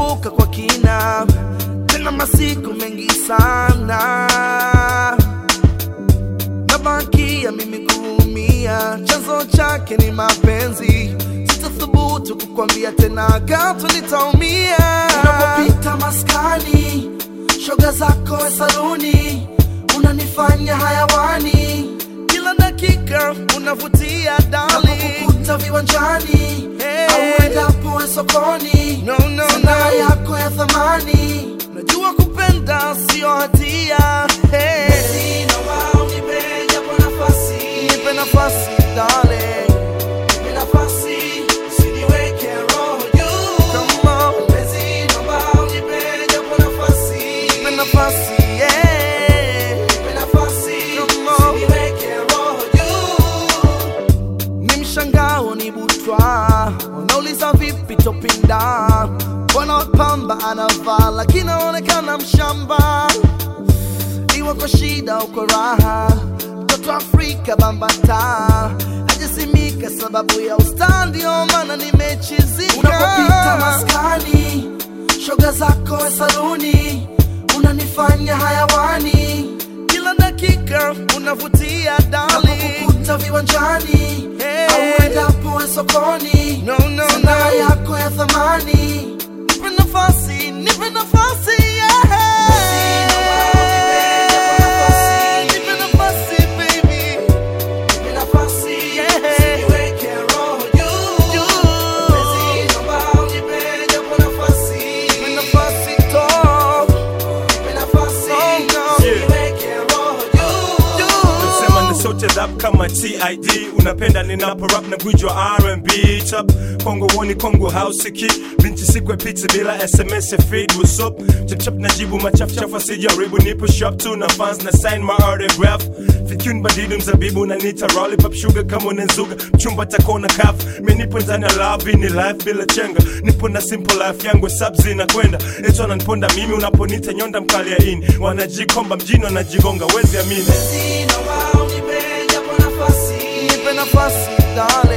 kukumbuka kwa kina, tena masiku mengi sana, nabakia mimi kuumia, chanzo chake ni mapenzi. Sitathubutu kukwambia tena, gato nitaumia. Unapopita maskani, shoga zako we saluni, unanifanya hayawani, kila dakika unavutia dali, napokukuta viwanjani hey. Eh uendapo sokoni no, no, sanaa no. yako ya thamani najua kupenda sio hatia hey. Sina wao nipe japo nafasi nipe nafasi darling. pitopinda wanaopamba anavaa lakini anaonekana mshamba, iwa kwa shida uko raha, mtoto Afrika bambata hajasimika sababu ya usta, ndio maana nimechizika. maskani, shoga zako saluni, unanifanya hayawani, kila dakika unavutia dali, unapokukuta viwanjani, hey, au sokoni Shouted up kama TID Unapenda ninapo rap na gujwa R&B Chap Kongo woni Kongo house hausiki Binti sikwe piti bila SMS ya feed what's up Chap chap najibu machafuchafu asijaribu nipo shop tu na fans na sign my autograph Fikun badidu mzabibu na nita rolly pop sugar kama unenzuga Chumba tako na kaf kafu nipo ndani ya love ni life bila chenga Nipo na simple life yangu subs inakwenda Eto ananiponda mimi unaponita nyonda mkali ya ini Wanajikomba mjini wanajigonga wezi amini facilidade